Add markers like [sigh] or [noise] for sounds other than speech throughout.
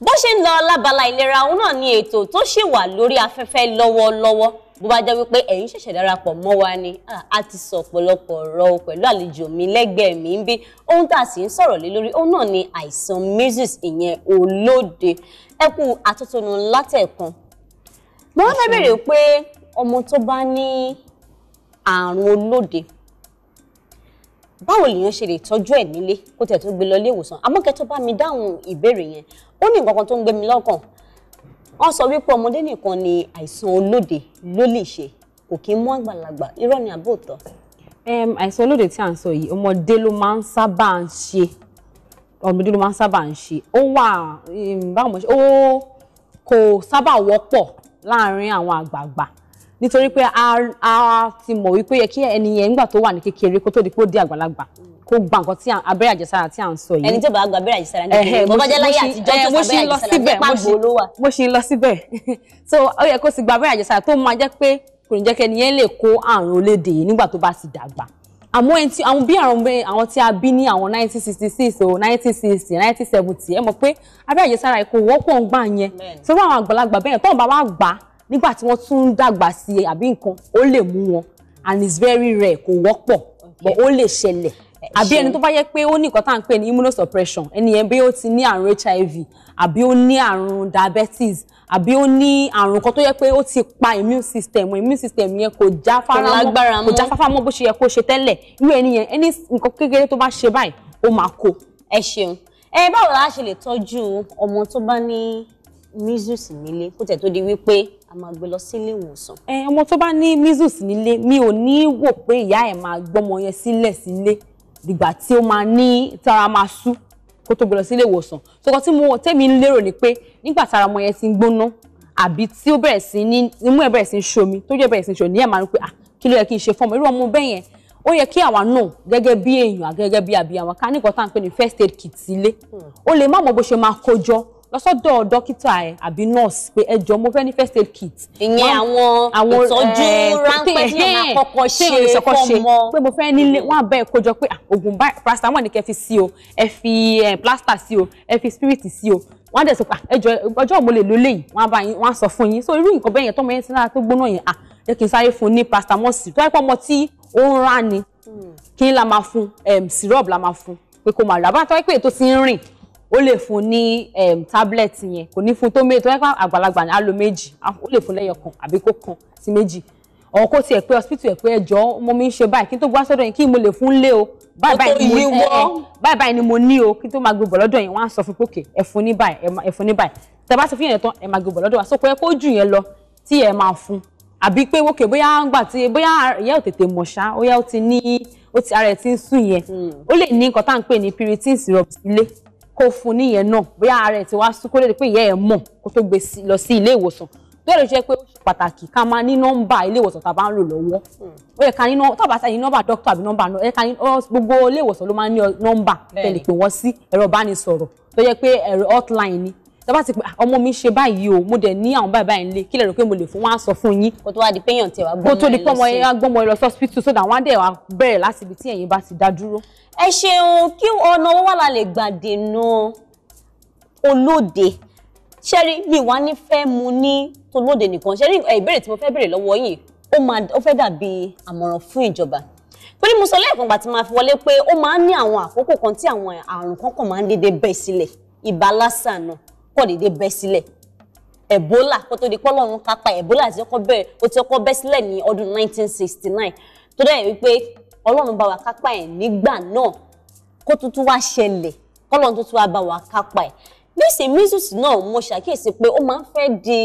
bó ṣe ń lọ lábala ìlera òun náà ni ètò tó ṣì wà lórí afẹ́fẹ́ lọ́wọ́lọ́wọ́ bó bá jẹ́ wípé ẹ̀yin ṣẹ̀ṣẹ̀ darapọ̀ mọ́ wa ni a ti sọ ọ̀pọ̀lọpọ̀ ọ̀rọ̀ pẹ̀lú àlejò mi lẹ́gbẹ̀ẹ́ mi ń bí ohun tá a sì ń sọ̀rọ̀ lé lórí òun náà ni àìsàn measles ìyẹn olóde ẹ kú atótónu látẹ̀kan. mo fẹ́ bèrè pé ọmọ tó bá ní àrùn olóde báwo lèèyàn ṣe lè tọ́jú ẹ̀ nílé kó tẹ̀ tó gbé lọ ilé ìwòsàn àmọ́ kẹ́ tó bá mi dáhùn ìbéèrè yẹn ó ní nǹkan kan tó ń gbé mi lọ́kàn wọ́n sọ wípé ọmọdé nìkan ni àìsàn olóde ló lè ṣe kò kí ń mú àgbàlagbà irọ́ ni àbóòtọ́. àìsàn olóde tí à ń sọ yìí ọmọdé ló máa ń sábà ń ṣe ọmọdé ló máa ń sábà ń ṣe ó wà báwo mo ṣe ó kò sábà wọ́pọ̀ láàárín àwọn àgbààgbà nítorí pé a ti mọ̀ wípé yẹ kí ẹni yẹn nígbà tó wà ní kékeré kó tó di pé ó di àgbàlagbà kó gba nǹkan tí abẹ́rẹ́ àjẹsára tí à ń sọ yìí. ẹni tí ò bá gba abẹ́rẹ́ àjẹsára ní kékeré bọ́bá jẹ́ láyé àtijọ́ tó eh, gba abẹ́rẹ́ àjẹsára nípa àgbo ló wà. mo ṣì ń lọ síbẹ̀ [laughs] so ó yẹ kó sì gba abẹ́rẹ́ àjẹsára tó máa jẹ́ pé kò ní jẹ́ kí ẹni yẹn lè kó àrùn olédè yìí nígbà tó bá sì dàgbà àmọ́ ẹni tí àwọn bí àwọn tí a bí ní àwọn 1966 o 1960 1970 ẹ mọ̀ pé abẹ́rẹ́ àjẹsára ikú wọ́pọ̀ ń gbà yẹn sọ́wọ́ àwọn àgbàlagbà bẹ́ẹ̀ tó ń bá wá gbà á nígbà tí wọ́n tún ń dàgbà sí i àbí nǹkan ó lè mú wọn and it's very rare kò wọ́pọ̀ but ó lè ṣẹlẹ̀ àbí ẹni tó bá yẹ pé ó ní nǹkan tá à ń pè ní immunosuppression ẹni yẹn bí ó ti ní àrùn hiv àbí ó ní àrùn diabetes àbí ó ní àrùn kan tó yẹ pé ó ti pa immune system immune system yẹn kò já fara mọ́ kò já fáfá mọ́ bó ṣe yẹ kó ṣe tẹ́lẹ̀ irú ẹni yẹn ẹni nǹkan kékeré tó bá ṣe báyìí ó máa kó. ẹ ṣeun ẹ báwo la ṣe lè tọ́jú ọmọ tó bá ní measles nílé kó tẹ̀ tó di wípé a máa gbé lọ sí ilé ìwòsàn. ẹ ọmọ tó bá ní measles nílé mi ò ní wò pé ìyá ẹ máa gbọ́mọ yẹn sílẹ̀ sílé dìgbà tí ó máa ní tara máa sú kó tó gbé lọ sí ìwòsàn sọkọ tí mo tẹ́mi ń lérò ni pé nígbà tára ọmọ yẹn ti ń gbóná àbí tí ó bẹ̀rẹ̀ sí ní imú ẹ̀ bẹ̀rẹ̀ sí ń ṣomi tó jẹ́ bẹ̀rẹ̀ sí ń ṣomi ní ẹ̀ máa ń pè à kí ló yẹ kí n ṣe fọ́mọ irú ọmọ bẹ́ẹ̀ yẹn ó yẹ kí àwa náà gẹ́gẹ́ bí èèyàn gẹ́gẹ́ bí àbí àwọn ká nìkan tá à ń pè ní first aid kit sílé o hmm. lè má mọ bó ṣe máa kójọ lọ́sọ́dọ̀ dókítà ẹ̀ àbí nurse pé ẹ jọ mo fẹ́ ní first aid kit. ìyẹn àwọn ìtọ́jú eh, ráńpẹ́ tí yẹn máa [laughs] kọ́kọ́ ṣe fọ́mọ. pé mo fẹ́ nílé wọn àbẹ́ ìkójọ pé ah, oògùn paracetamol ni kẹ́ fi sí o ẹ fi eh, plaster sí o ẹ fi spirit sí o wọ́n á dẹ̀ sọ pé ah, ẹjọ́ ọjọ́ mo lè lo léyìí wọ́n á bá yín wọ́n á sọ fún yín so irú nǹkan bẹ́ẹ̀ yẹn tọ́mọ yẹn ti lára tó gbóná yẹn à ah, jẹ́ kí n sáré fún un ní paracetamol sí tó yẹ pọ́ ọmọ tí ó ń rá ni hmm. kí n la máa fún syrup la máa fún pé kò ó lè fún ní tablet yẹn kò ní fún tó méjì tó yẹ kó àgbàlagbà ni á lo méjì ó lè fún lẹ́yọ kan àbí kó kan sí méjì ọ̀n kó tiẹ̀ pé hospital ẹ̀ pé ẹjọ́ mo mi ń ṣe báyìí kí n tó gbá sọ́dọ̀ yín kí mo lè fún lé o báyìí báyìí eh, eh, ni mo ní o kí n tó máa gbé bọ̀ lọ́dọ̀ yín wọ́n á sọ fún pókè ẹ ní báyìí ẹ ní báyìí tẹ bá sọ fún yẹn tán ẹ máa gbé bọ̀ lọ́dọ̀ sóko ẹ kó jù yẹn lọ tí ẹ máa fún àbí pé wókè bóyá gbà tí bóyá ìyá ò tètè mọ̀ ṣá ó yá ó ti ní ó ti ara ẹ̀ ti ń sùn yẹn hmm. ó lè ní nǹkan tá à ń pè ní piritin syrup ilé kó fún níyẹn náà bóyá ara ẹ̀ ti wá sún kó lè rí pé ìyá ẹ̀ mọ̀ kó tó gbé lọ sí ilé ìwòsàn tó lè jẹ́ pé ó ṣe pàtàkì ká máa ní nọ́mbà ilé ìwòsàn tá a bá ń lò lọ́wọ́ ó yẹ ká ní nọ́mbà tábà sáyé nọ́mbà dókítà àbí nọ́mbà náà ká ní gbogbo ilé ìwòsàn ló máa ń ní nọ́mbà tẹ̀lé pé wọ́n sí ẹ̀rọ ìbánisọ̀rọ̀ tó yẹ pé ẹ̀rọ hotline ni tọ́ba ti pé ah, ọmọ mi ṣe báyìí o mo dẹ̀ ní àwọn báyìí báyìí nílé kí lè rò pé mo lè fún wọn á sọ fún yín. kó tó wá di pé èèyàn tẹ̀ wá gbọ́mọ ẹ lọ sí kó tó di pé ọmọ yẹn á gbọ́mọ ẹ lọ sọ́spítù sódà wọn á dẹ̀ wá bẹ̀rẹ̀ láti ibi tí ẹ̀yin bá ti dá dúró. ẹ ṣeun kí ọ̀nà owó wà lálẹ́ gbàdénà olóde ṣẹ́rí mi wá ní fẹ́ mu ní tolóde nìkan ṣẹ́rí ìbéèrè tí mo fẹ́ béèrè lọ́wọ́ yìí ó máa ó fẹ́ dàbí àmọ̀ràn fún ìjọba pé ní mo sọ lẹ́ẹ̀kan gbà tí máa fi wọlé pé ó máa ń ní àwọn àkókò kan tí àwọn àrùn kankan máa ń dédé bẹ́ sílẹ̀ ìbá lásà náà kọ̀ dédé bẹ́ sílẹ̀ Ebola kó tó di pọ́lọ́run kápá Ebola ti kọ́ bẹ́ẹ̀ ó ti kọ́ bẹ́ sílẹ̀ ní ọdún 1969 tó dẹ̀ wípé Ọlọ́run bá wa kápá ẹ̀ nígbà náà kó tuntun wá ṣẹlẹ̀ kọ́lọ́run tuntun wá bá wa kápá ẹ̀ níṣẹ́ measles náà mo ṣàkíyèsí pé ó máa ń fẹ́ di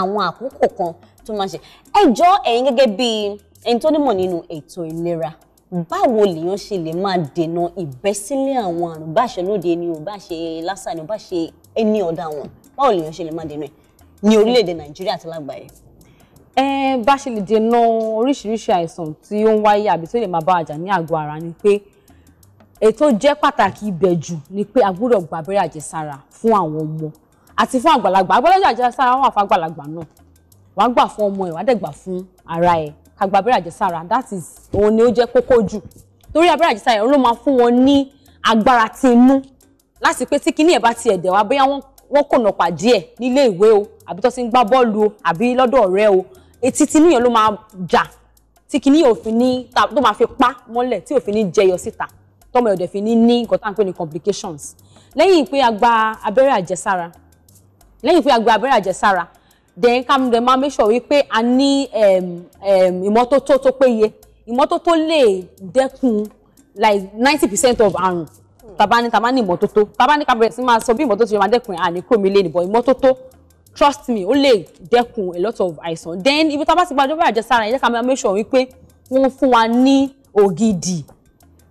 àwọn àkókò kan tó máa ṣe ẹ ẹ̀yin gẹ́gẹ́ bíi ẹni tó nímọ̀ nínú ètò ìlera báwo lèèyàn ṣe lè máa dènà ìbẹ́sílẹ̀ àwọn àrùn bá ṣe lóde ni o bá ṣe lásà ni o bá ṣe any other one báwo lèèyàn ṣe lè máa dènà ẹ̀ ní orílẹ̀-èdè nàìjíríà àti lágbàáyé. ẹ bá ṣe lè dènà oríṣiríṣi àìsàn tí ó ń wáyé àbí tó lè máa bá àjà ní àgọ́ ara ni pé ètò jẹ́ pàtàkì ibẹ̀ jù ni pé a gbọ́dọ̀ gba abẹ́rẹ́ àjẹsára fún àwọn ọmọ àti fún àgbàlagbà abẹ́rẹ́ àjẹsára wà fún àgbàlagbà náà wàá gbà fún ọmọ ẹ̀ wàá dẹ̀ gbà fún ara ẹ̀ ká gba abẹ́rẹ́ àjẹsára that is òun ni ó jẹ́ kókó jù torí abẹ́rẹ́ àjẹsára ló máa fún wọn ní agbára ti inú láti pé tí kinní ẹ̀ bá ti ẹ̀dẹ̀ wá bóyá wọ́n kònà pàdé ẹ̀ nílé ìwé o àbí tó ti ń gbá bọ́ọ̀lù o àbí lọ́dọ̀ ọ̀rẹ́ o etí tiníyàn ló máa jà tí kinní yóò fi ní tó máa fi pa mọ́lẹ̀ tí yóò fi ní jẹyọ síta tọmọ ọ̀dẹ̀ fi ní ní nǹkan tá à ń pè ní complications lẹ́yìn pé a gba abẹ́rẹ́ àjẹsára lẹ́yìn pé a gba abẹ́rẹ́ àjẹsára then ká mi dẹ̀ máa make sure wípé a ní ìmọ́tótó tó péye ìmọ́tótó lè dẹ́kun like ninety percent of àrùn tàbá ní tàbá ní ìmọ́tótó tàbá ní ká bẹ̀rẹ̀ sí máa sọ bí ìmọ́tótó ṣe máa dẹ́kun àní kúrò mi lé nìbọn ìmọ́tótó trust me ó lè dẹ́kun a lot of àìsàn then ibi tá a bá ti gbàjọba àjẹsára ẹ jẹ́ ká máa make sure wípé wọ́n fún wa ní ògidì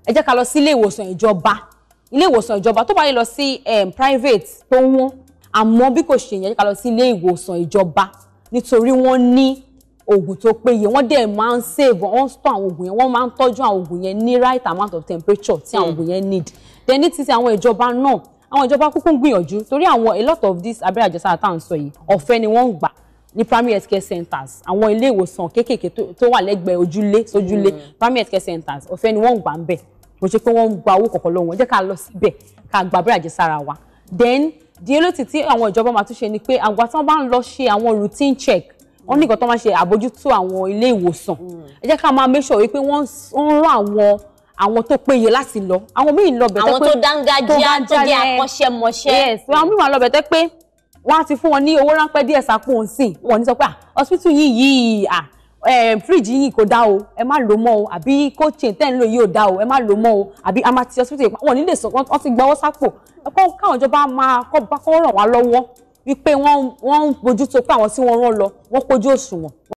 ẹ jẹ́ ká lọ sí ilé ìwòsàn ìjọba ilé ìwòsàn ìjọba tó bá yẹ lọ sí private tó wọ́n àmọ́ bí kò ṣe yẹn ká lọ sí ilé ìwòsàn ìjọba nítorí wọ́n ní oògùn tó péye wọ́n dẹ̀ máa ń save wọ́n ń store àwọn oògùn yẹn wọ́n máa ń tọ́jú àwọn oògùn yẹn ní right amount of temperature tí àwọn hmm. oògùn yẹn need then ní títí àwọn ìjọba náà àwọn ìjọba kúkú ń gbìyànjú torí àwọn a lot of these abẹ́rẹ́ àjẹsára tá à ń sọ yìí ọ̀fẹ́ ni wọ́n ń gbà ní primary health care centers àwọn ilé ìwòsàn kéékèèké tó wà lẹ́gbẹ̀ẹ́ ojúlé sójúlé hmm. primary health care centers ọ̀fẹ́ ni wọ́n ń gbà ń bẹ̀ kò ṣe pé wọ́n ń gba owó kọ̀ọ̀kan lọ́wọ́ ẹ jẹ́ ká lọ síbẹ̀ ká gba abẹ́rẹ́ àjẹsára wa then di eléyìí tí àwọn ìjọba máa tún ṣe ni pé àgbà tí wọ́n bá ń lọ routine check wọ́n ní nǹkan tó máa ṣe àbójútó àwọn ilé ìwòsàn hmm. ẹ jẹ́ ká máa make sure wípé wọ́n ń rán àwọn àwọn tó péye láti lọ àwọn míì lọ bẹ̀tẹ́ pé àwọn tó dángájíá tó jẹ́ akọ́ṣẹ́mọṣẹ́ yes àwọn míì máa lọ bẹ̀tẹ́ pé wọ́n á ti fún wọn ní owó ráńpẹ́ díẹ̀ sápò ń sìn ní sọ pé hospital yìí yìí ah Eh, fíríjì yìí kò dá o ẹ má lò mọ́ o àbí kóòtù tẹ́ ń lò yìí ò dá o ẹ má lò mọ́ o àbí a máa ti hospital wọn nílé sọ wọn ti gbọ́wọ́ sápò ẹ̀kọ́ káwọn ìjọba máa kọ́ bá kọ́ ràn wá lọ́wọ́ wípé wọ́n ń bójútó pé àwọn tí wọ́n rán lọ wọ́n pójú òṣùwọ̀n.